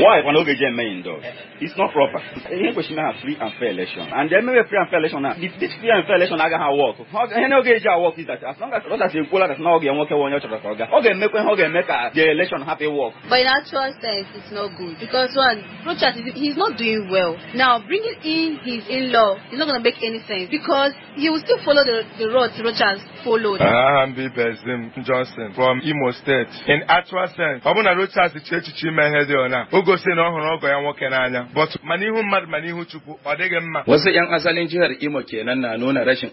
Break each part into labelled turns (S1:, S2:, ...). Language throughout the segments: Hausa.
S1: Why? One of the main does. It's not proper. Any question have free and fair election. And then maybe free and fair election now. This, this free and fair election I can work. Any of the work is that as long as what as you call that now get one one your program. Okay, make when okay make uh, the election happy work. But in actual sense, it's not good because one Rochas he's not doing well. Now bringing in his in-law is not going to make any sense because he will still follow the the road Rochas followed. I'm the Johnson from Imo State. In actual sense, Obuna Rochas is church chimehe dey on. gosi na ọhụrụ ọgọ ya nwoke n'anya but mana ihu mmadụ mana ihu chukwu ọ dịghị mma wasu yan asalin jihar imo kenan na nuna rashin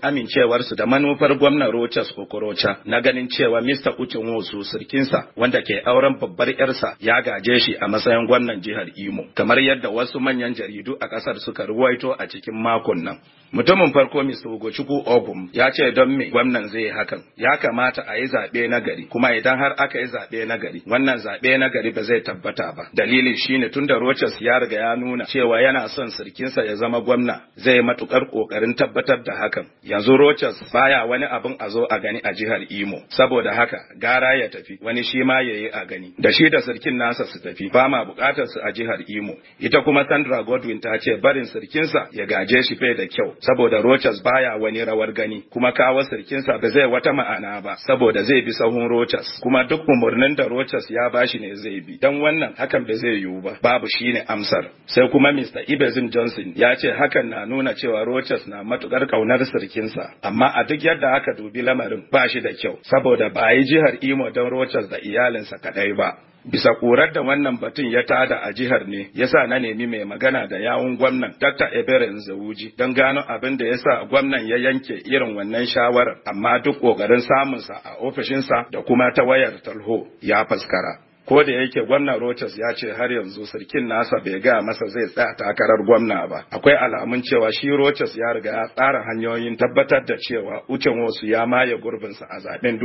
S1: su da manufar gwamna rochas okorocha na ganin cewa mr nwosu sirkinsa wanda ke auren babbar yarsa ya gaje shi a matsayin gwamnan jihar imo kamar yadda wasu manyan jaridu a kasar suka ruwaito a cikin makon nan mutumin farko mr ugochukwu ogum ya ce don me gwamnan zai hakan ya kamata a yi zaɓe na gari kuma idan har aka yi zaɓe na gari wannan zaɓe na gari ba zai tabbata ba dalilin shine da Rochas ya riga ya nuna cewa yana son sirkinsa ya zama gwamna zai matukar kokarin tabbatar da hakan. Yanzu Rochas baya wani abin a zo a gani a jihar Imo saboda haka gara ya tafi wani shi ma yi a gani da shi da sirkin nasa su tafi ba ma bukatar su a jihar Imo. Ita kuma Sandra Godwin ta ce barin sirkinsa ya gaje shi fai da kyau saboda Rochas baya wani rawar gani kuma kawo sirkinsa ba zai wata ma'ana ba saboda zai bi sahun Rochas kuma duk umurnin da Rochas ya bashi ne zai bi dan wannan hakan ba zai yiwu yiwu ba babu shine amsar sai kuma Mr. Ibezim Johnson ya ce hakan na nuna cewa Rochers na matukar kaunar sirkinsa amma a duk yadda aka dubi lamarin ba shi da kyau saboda ba yi jihar Imo don Rochers da iyalinsa kadai ba bisa korar da wannan batun ya tada a jihar ne ya sa na nemi mai magana da yawun gwamnan Dr. Ebere Zawuji don gano abin da ya sa gwamnan ya yanke irin wannan shawarar amma duk kokarin samunsa a ofishinsa da kuma ta wayar talho ya faskara ko da yake gwamnan Rochas ya ce har yanzu sarkin nasa bai gaya masa zai tsaya takarar gwamna ba akwai alamun cewa shi Rochas ya riga ya tsara hanyoyin tabbatar da cewa ucin wasu ya maye gurbinsa a zaben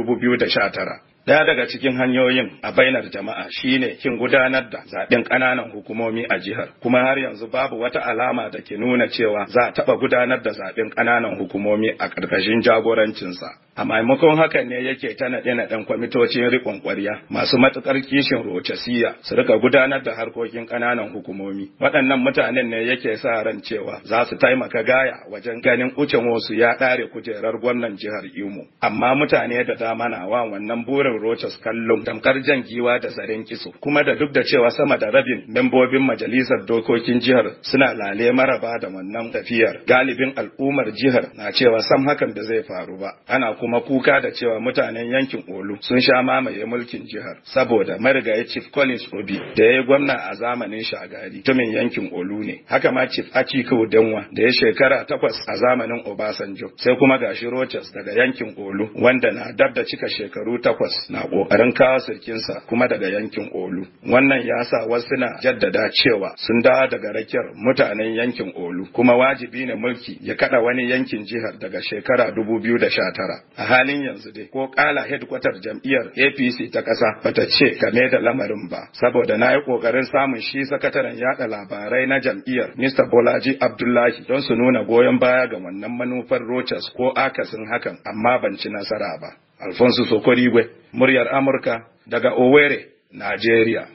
S1: tara. Daya daga cikin hanyoyin a bainar jama'a shine kin gudanar da zaɓen ƙananan hukumomi a jihar, kuma har yanzu babu wata alama da ke nuna cewa za a taɓa gudanar da zaɓen ƙananan hukumomi a ƙarƙashin jagorancinsa. A maimakon hakan ne yake ta naɗe-naɗen kwamitocin riƙon ƙwarya masu matuƙar kishin rocasiya su rika gudanar da harkokin ƙananan hukumomi. Waɗannan mutanen ne yake sa ran cewa za su taimaka gaya wajen ganin ucin wasu ya ɗare kujerar gwamnan jihar Imo. Amma mutane da dama na wa wannan burin Rochas kallon tamkar jan giwa da zaren kiso kuma da duk da cewa sama da rabin membobin majalisar dokokin jihar suna lale maraba da wannan tafiyar galibin al'ummar jihar na cewa sam hakan da zai faru ba ana kuma kuka da cewa mutanen yankin Olu sun sha mamaye mulkin jihar saboda marigayi Chief Collins Obi da ya yi gwamna a zamanin Shagari tumin yankin Olu ne haka ma Chief akiko Denwa da ya shekara takwas a zamanin Obasanjo sai kuma gashi Rochas daga yankin Olu wanda na dab da cika shekaru takwas na ƙoƙarin kawo sirkinsa kuma daga yankin Olu. Wannan ya sa wasu na jaddada cewa sun dawo daga rakiyar mutanen yankin Olu kuma wajibi ne mulki ya kada wani yankin jihar daga shekara 2019. A halin yanzu dai ko kala headquarter jam'iyyar APC ta ƙasa bata ce game da lamarin ba saboda na yi ƙoƙarin samun shi sakataren yada labarai na jam'iyyar Mr. Bolaji Abdullahi don su nuna goyon baya ga wannan manufar Rochas ko akasin hakan amma ban ci nasara ba. Alfonso Sokorigwe, muryar Amurka daga Owerri, Najeriya.